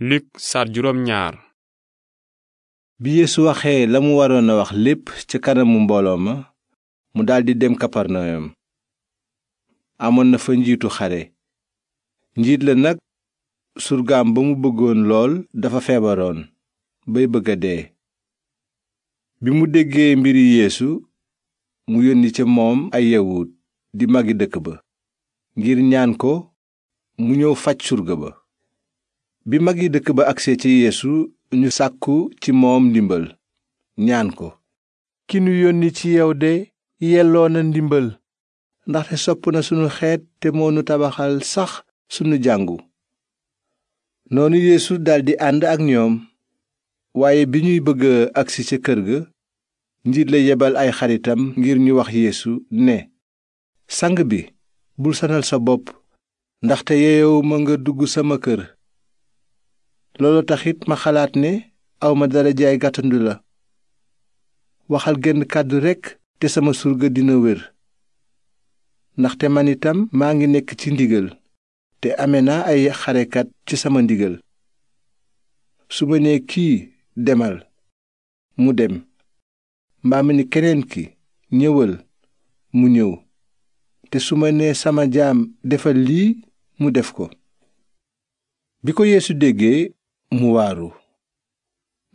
Luk saar juróom bi Yeesu waxee la mu waroon a wax lépp ca kanamu mbooloo ma mu daldi dem Kaparnayom amoon na fa njiitu xare njiit la nag surgaam ba mu bëggoon lool dafa feebaroon bay bëgg dee bi mu déggee mbiri yéesu mu yónni ca moom ay yawut di magi dëkk ba ngir ñaan ko mu ñëw faj surga ba bi mag yi dëkk ba agsee ci yeesu ñu sàkku ci moom ndimbal ñaan ko ki nu yónni ci yow de yelloo na ndimbal ndaxte sopp na sunu xeet te moo nu tabaxal sax sunu jàngu noonu yéesu daldi ànd ak ñoom waaye bi ñuy bëgg agsi ca kër ga njiit la yebal ay xaritam ngir ñu wax yéesu ne sang bi bul sanal sa bopp ndaxte yeyow ma nga dugg sama kër loolu taxit ma xalaat ne awma dara jaay gàttandu la waxal genn kàddu rekk te sama surga dina wér ndaxte man itam maa ngi nekk ci ndigal te ame naa ay xarekat ci sama ndigal su ma nee kii demal mu dem mbaa ma ni keneen ki ñëwal mu ñëw te su ma nee sama jaam defal lii mu def ko bi ko yeesu déggee mu waaru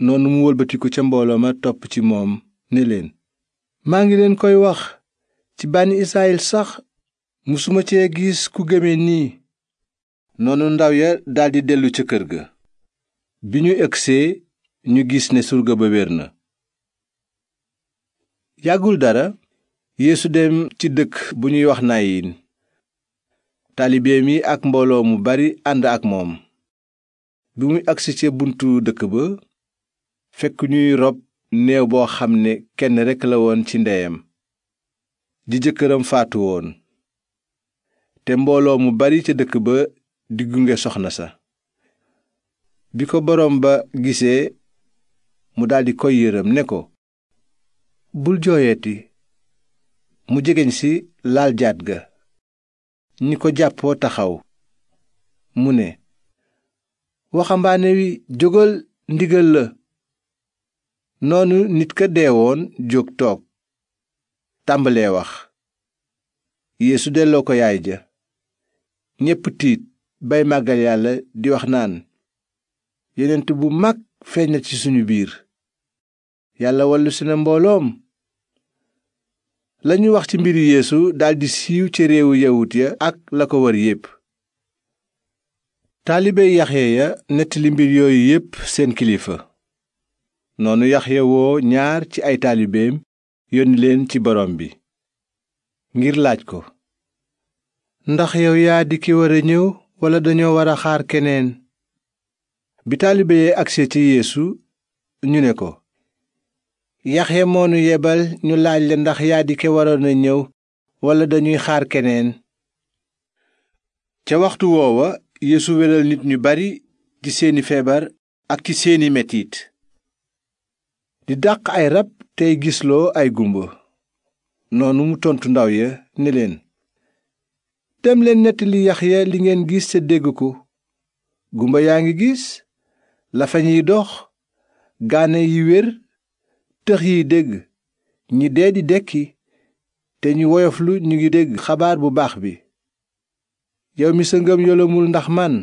noonu mu wëlbatiku ca mbooloo ma topp ci moom ni leen maa ngi leen koy wax ci bànni israyil sax musuma cee gis ku gëme nii noonu ndaw ya daldi dellu ca kër ga bi ñu egsee ñu gis ne surga ba wér na yàggul dara yeesu dem ci dëkk bu ñuy wax nayin taalibeem yi ak mbooloo ak moom bi muy agsi ca buntu dëkk ba fekk ñuy rob néew boo xam ne kenn rekk la woon ci ndeyam di jëkkëram faatu woon te mbooloo mu bari ca dëkk ba di gunge soxna sa bi ko boroom ba gisee mu daldi koy yërëm ne ko bul jooyeeti mu jegeñ si laal jaat ga ñi ko jàppoo taxaw mu ne waxambaane wi jógal ndigal la noonu nit ka deewoon jóg toog tàmbalee wax yéesu delloo ko yaay ja ñépp tiit bay màggal yàlla di wax naan yenent bu mag feeñ na ci suñu biir yàlla wallusi na mbooloom lañu wax ci mbiri yéesu daldi siiw ci réewu yawut ya ak la ko wër yépp taalibe yaxya ya nettali mbir yooyu yépp seen kilifa noonu yaxya woo ñaar ci ay taalibeem yónni leen ci borom bi ngir laaj ko ndax yow yaa di ki war a ñëw walla dañoo war a xaar keneen bi taalibe yi agse ci yeesu ñu ne ko yaxya moonu yebal ñu laaj la ndax yaa di ki waroon a ñëw walla dañuy xaar keneen ca waxtu woowa yeesu nit ñu bari ci feebar ak ci seeni metit di dàq ay rab tey gisloo ay gumba noonu mu tontu ndaw ya ne leen dem leen nettali Yaxya li ngeen gis te dégg ko gumba yaa ngi gis lafañ yi dox gaane yi wér tëx yi dégg ñi dee di dekki te ñu woyoflu ñu ngi dégg xabaar bu baax bi yow mi sa ngëm yolomul ndax man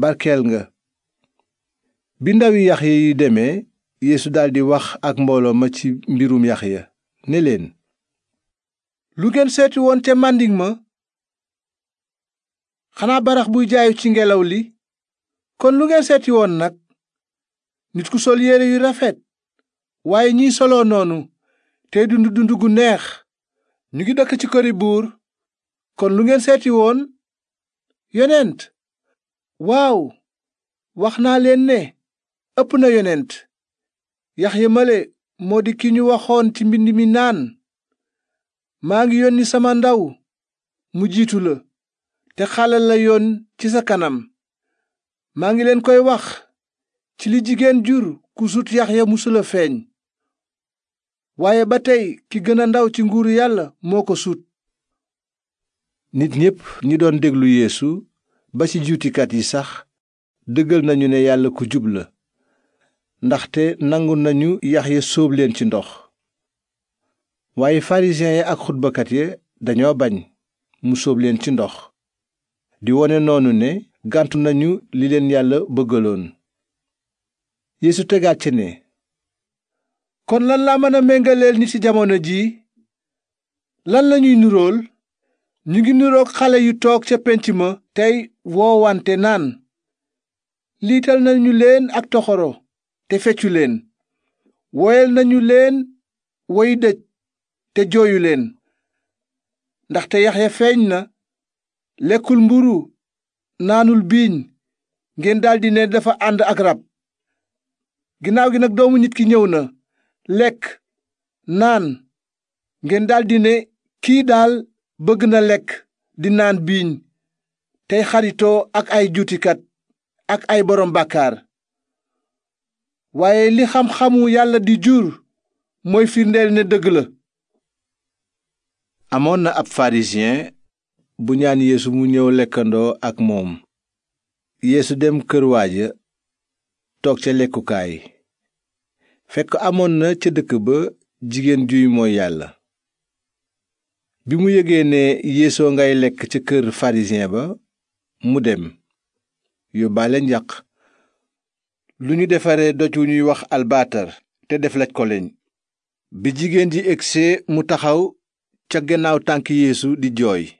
barkeel nga bi ndawi Yaxya yi demee yéesu daldi wax ak mbooloo ma ci mbirum yax ya ne leen lu ngeen seeti woon te màndiŋ ma xanaa barax buy jaayu ci ngelaw li kon lu ngeen seeti woon nag nit ku sol yére yu rafet waaye ñiy soloo noonu tey dund dund gu neex ñu ngi dëkk ci këri buur kon lu ngeen seeti woon yonent waaw wax naa leen ne ëpp na yonent Yaxya male moo di ki ñu waxoon ci mbind mi naan maa ngi yónni sama ndaw mu jiitu la te xalal la yoon ci sa kanam maa ngi leen koy wax ci li jigéen jur ku sut Yaxya musula feeñ waaye ba tey ki gën a ndaw ci nguuru yàlla moo ko sut nit ñépp ñi doon déglu yéesu ba ci juutikat yi sax dëggal nañu ne yàlla ku jub la ndaxte nangu nañu Yaxya sóob leen ci ndox waaye farisiyen yi ak xutbakat ya dañoo bañ mu sóob leen ci ndox di wone noonu ne gantu nañu li leen yàlla bëggaloon yéesu tegaat ci ne kon lan laa mën a méngaleel ñi ci jamono ji lan lañuy nurool ñu ngi niroog xale yu toog ca pénc ma tey woowante naan liital nañu leen ak toxoro te feccu leen woyal nañu leen woy dëj te jooyu leen ndaxte Yaxya feeñ na lekkul mburu naanul biiñ ngeen daldi ne dafa ànd ak rab ginnaaw gi nag doomu nit ki ñëw na lekk naan ngeen daldi ne kii daal bëgg na lekk di naan biiñ tey xaritoo ak ay juutikat ak ay borom bàkkaar waaye li xam-xamu yàlla di jur mooy firndeel ne dëgg la amoon na ab pharisien bu ñaan yeesu mu ñëw lekkandoo ak moom yéesu dem kër waaja toog ca lekkukaay fekk amoon na ca dëkk ba jigéen juy mooy yàlla bi mu yëgee ne yéesoo ngay lekk ca kër pharisien ba mu dem yóbbaale njaq lu ñu defaree doj wu ñuy wax albaatar te def laj ko leen bi jigéen ji egsee mu taxaw ca gannaaw tànk yéesu di jooy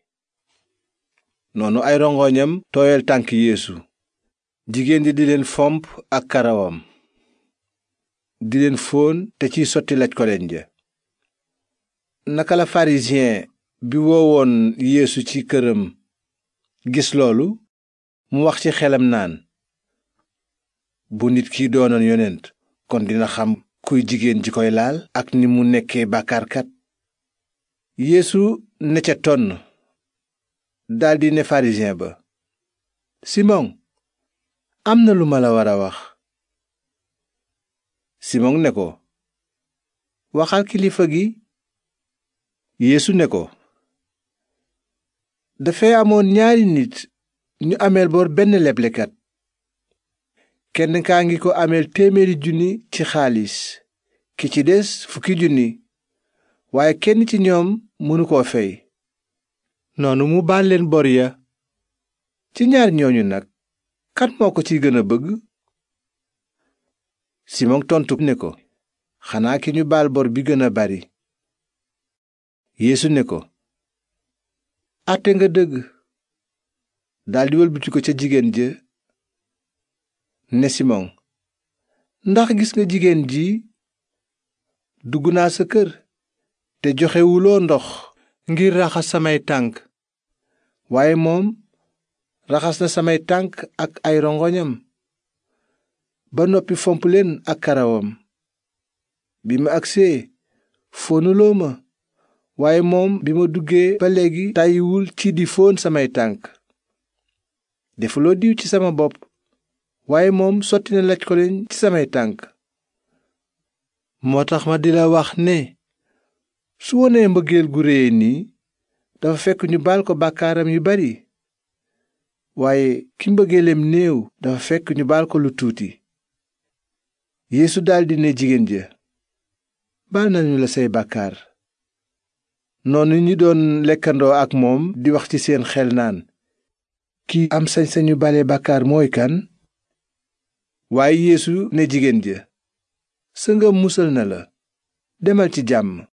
noonu ay rongoñam tooyal tànk yéesu jigéen ji di leen fomp ak karawam di leen fóon te ciy sotti laj koleñ ja naka la bi woowoon yéesu ci këram gis loolu mu wax ci xelam naan bu nit ki doonoon yonent kon dina xam kuy jigéen ji koy laal ak ni mu nekkee bàkkaarkat yéesu ne ca tonn daldi ne pharisien ba simon am na lu ma la war a wax simon ne ko waxal kilifa gi yéesu ne ko dafay amoon ñaari nit ñu ameel bor benn leblekat kenn kaa ngi ko ameel téeméeri junni ci xaalis ki ci des fukki junni waaye kenn ci ñoom mënu koo fey noonu mu baal leen bor ya ci ñaar ñooñu nag kan moo ko ci gën a bëgg Simon tontu ne ko xanaa ki ñu baal bor bi gën a bari yéesu ne ko àtte nga dëgg daldi wëlbati ko ca jigéen ja ne Simon ndax gis nga jigéen ji dugg naa sa kër te joxewuloo ndox ngir raxas samay tànk waaye moom raxas na samay tànk ak ay rongoñam ba noppi fomp leen ak karawam bi ma agsee foonuloo ma waaye moom bi ma duggee ba léegi tàyyiwul ci di fóon samay tànk defuloo diw ci sama bopp waaye moom sotti na laj ko leen ci samay tànk moo tax ma di la wax ne su wonee mbëggeel gu réye nii dafa fekk ñu baal ko bàkkaaram yu bari waaye ki mbëggeelem néew dafa fekk ñu baal ko lu tuuti yéesu daldi ne jigéen ja baal nañu la say bàkkaar noonu ñu doon lekkandoo ak moom di wax ci seen xel naan kii am sañ-sañu bale bàkkaar mooy kan waaye yeesu ne jigéen ja sa ngëm musal na la demal ci jàmm